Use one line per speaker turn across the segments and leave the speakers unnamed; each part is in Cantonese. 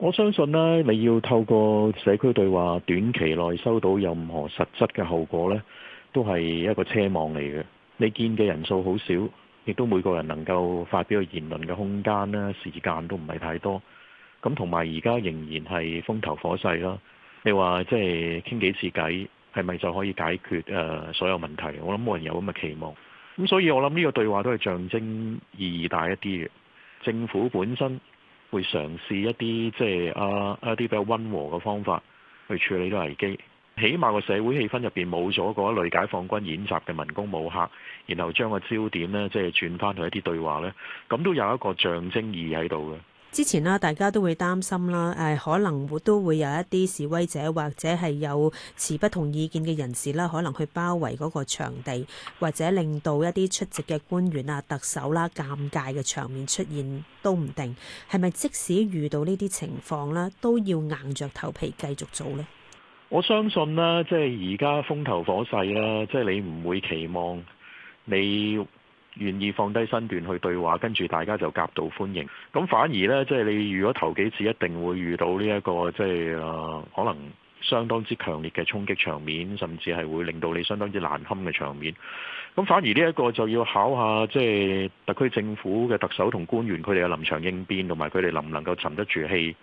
我相信呢，你要透過社區對話，短期內收到任何實質嘅後果呢都係一個奢望嚟嘅。你見嘅人數好少，亦都每個人能夠發表嘅言論嘅空間咧，時間都唔係太多。咁同埋而家仍然係風頭火勢啦。你話即係傾幾次偈，係咪就可以解決、呃、所有問題？我諗冇人有咁嘅期望。咁所以，我諗呢個對話都係象徵意義大一啲嘅。政府本身，會嘗試一啲即係啊一啲比較溫和嘅方法去處理啲危機，起碼個社會氣氛入面冇咗嗰一類解放軍演習嘅文攻武嚇，然後將個焦點呢，即係轉翻去一啲對話呢，咁都有一個象徵意義喺度嘅。
之前啦，大家都會擔心啦，誒，可能會都會有一啲示威者或者係有持不同意見嘅人士啦，可能去包圍嗰個場地，或者令到一啲出席嘅官員啊、特首啦，尷尬嘅場面出現都唔定。係咪即使遇到呢啲情況啦，都要硬着頭皮繼續做咧？
我相信啦，即係而家風頭火勢啦，即係你唔會期望你。願意放低身段去對話，跟住大家就夾道歡迎。咁反而呢，即係你如果頭幾次，一定會遇到呢一個即係，呃，可能相當之強烈嘅衝擊場面，甚至係會令到你相當之難堪嘅場面。咁反而呢一個就要考下，即係特區政府嘅特首同官員，佢哋嘅臨場應變同埋佢哋能唔能夠沉得住氣。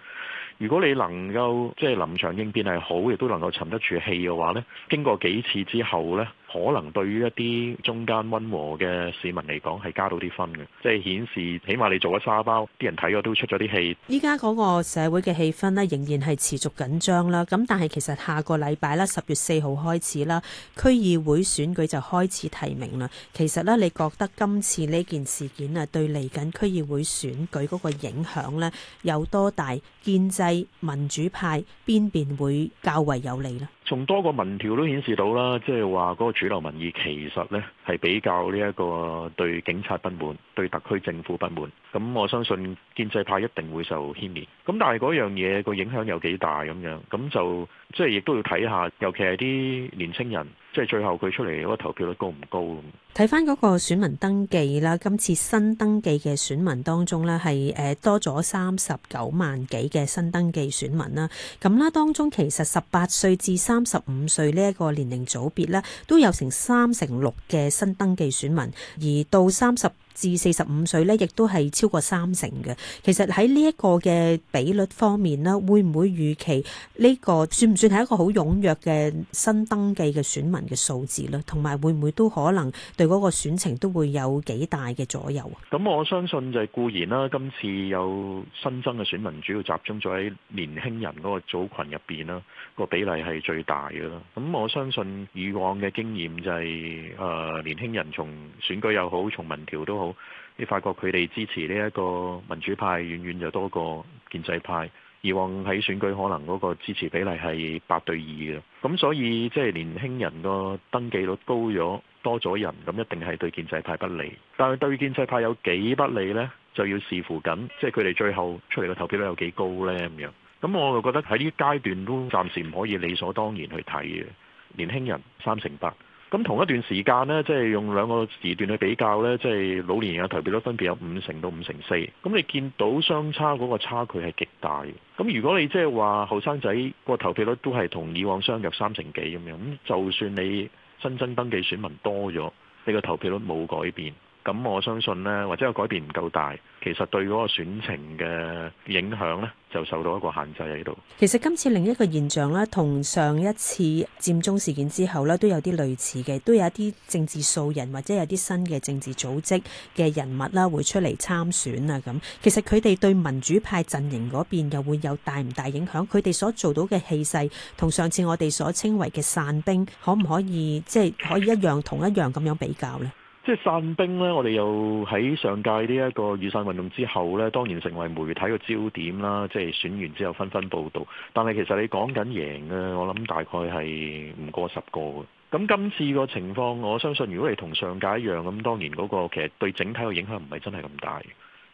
如果你能夠即係臨場應變係好，亦都能夠沉得住氣嘅話呢，經過幾次之後呢。可能對於一啲中間温和嘅市民嚟講，係加到啲分嘅，即係顯示起碼你做咗沙包，啲人睇過都出咗啲氣。
依家嗰個社會嘅氣氛呢，仍然係持續緊張啦。咁但係其實下個禮拜啦，十月四號開始啦，區議會選舉就開始提名啦。其實呢，你覺得今次呢件事件啊，對嚟緊區議會選舉嗰個影響呢，有多大？建制民主派邊邊會較為有利呢？
從多個民調都顯示到啦，即係話嗰個主流民意其實呢係比較呢一個對警察不滿，對特區政府不滿。咁我相信建制派一定會受牽連。咁但係嗰樣嘢個影響有幾大咁樣？咁就即係亦都要睇下，尤其係啲年青人，即係最後佢出嚟嗰個投票率高唔高？咁
睇翻嗰個選民登記啦，今次新登記嘅選民當中呢係誒多咗三十九萬幾嘅新登記選民啦。咁啦，當中其實十八歲至三三十五歲呢一個年齡組別咧，都有成三成六嘅新登記選民，而到三十至四十五歲咧，亦都係超過三成嘅。其實喺呢一個嘅比率方面咧，會唔會預期呢個算唔算係一個好踴躍嘅新登記嘅選民嘅數字咧？同埋會唔會都可能對嗰個選情都會有幾大嘅左右
啊？咁我相信就係固然啦，今次有新增嘅選民，主要集中咗喺年輕人嗰個組群入邊啦，個比例係最大嘅啦。咁我相信以往嘅經驗就係誒年輕人從選舉又好，從民調都好。你發覺，佢哋支持呢一個民主派，遠遠就多過建制派。以往喺選舉可能嗰個支持比例係八對二嘅，咁所以即係年輕人個登記率高咗多咗人，咁一定係對建制派不利。但係對建制派有幾不利呢？就要視乎緊，即係佢哋最後出嚟嘅投票率有幾高呢？咁樣。咁我就覺得喺呢階段都暫時唔可以理所當然去睇嘅。年輕人三成八。咁同一段時間呢，即係用兩個時段去比較呢，即係老年人嘅投票率分別有五成到五成四，咁你見到相差嗰個差距係極大嘅。咁如果你即係話後生仔個投票率都係同以往相若三成幾咁樣，咁就算你新增登記選民多咗，你個投票率冇改變。咁我相信咧，或者個改變唔夠大，其實對嗰個選情嘅影響咧，就受到一個限制喺度。
其實今次另一個現象咧，同上一次佔中事件之後咧，都有啲類似嘅，都有一啲政治素人或者有啲新嘅政治組織嘅人物啦，會出嚟參選啊。咁其實，佢哋對民主派陣營嗰邊又會有大唔大影響，佢哋所做到嘅氣勢同上次我哋所稱為嘅散兵，可唔可以即係、就是、可以一樣同一樣咁樣比較咧？
即係散兵呢，我哋又喺上屆呢一個雨傘運動之後呢，當然成為媒體嘅焦點啦。即係選完之後紛紛報道，但係其實你講緊贏嘅，我諗大概係唔過十個。咁今次個情況，我相信如果你同上屆一樣，咁當然嗰個其實對整體嘅影響唔係真係咁大。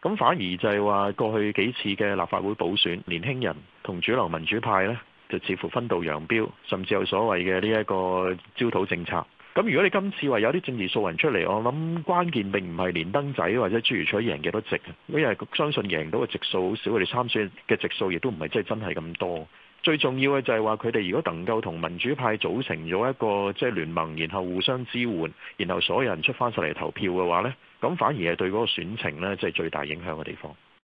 咁反而就係話過去幾次嘅立法會補選，年輕人同主流民主派呢，就似乎分道揚鑣，甚至有所謂嘅呢一個焦土政策。咁如果你今次話有啲政治素人出嚟，我諗關鍵並唔係連登仔或者朱如彩贏幾多席，因為相信贏到嘅席數好少。佢哋參選嘅席數亦都唔係即係真係咁多。最重要嘅就係話，佢哋如果能夠同民主派組成咗一個即係聯盟，然後互相支援，然後所有人出翻晒嚟投票嘅話咧，咁反而係對嗰個選情咧，即係最大影響嘅地方。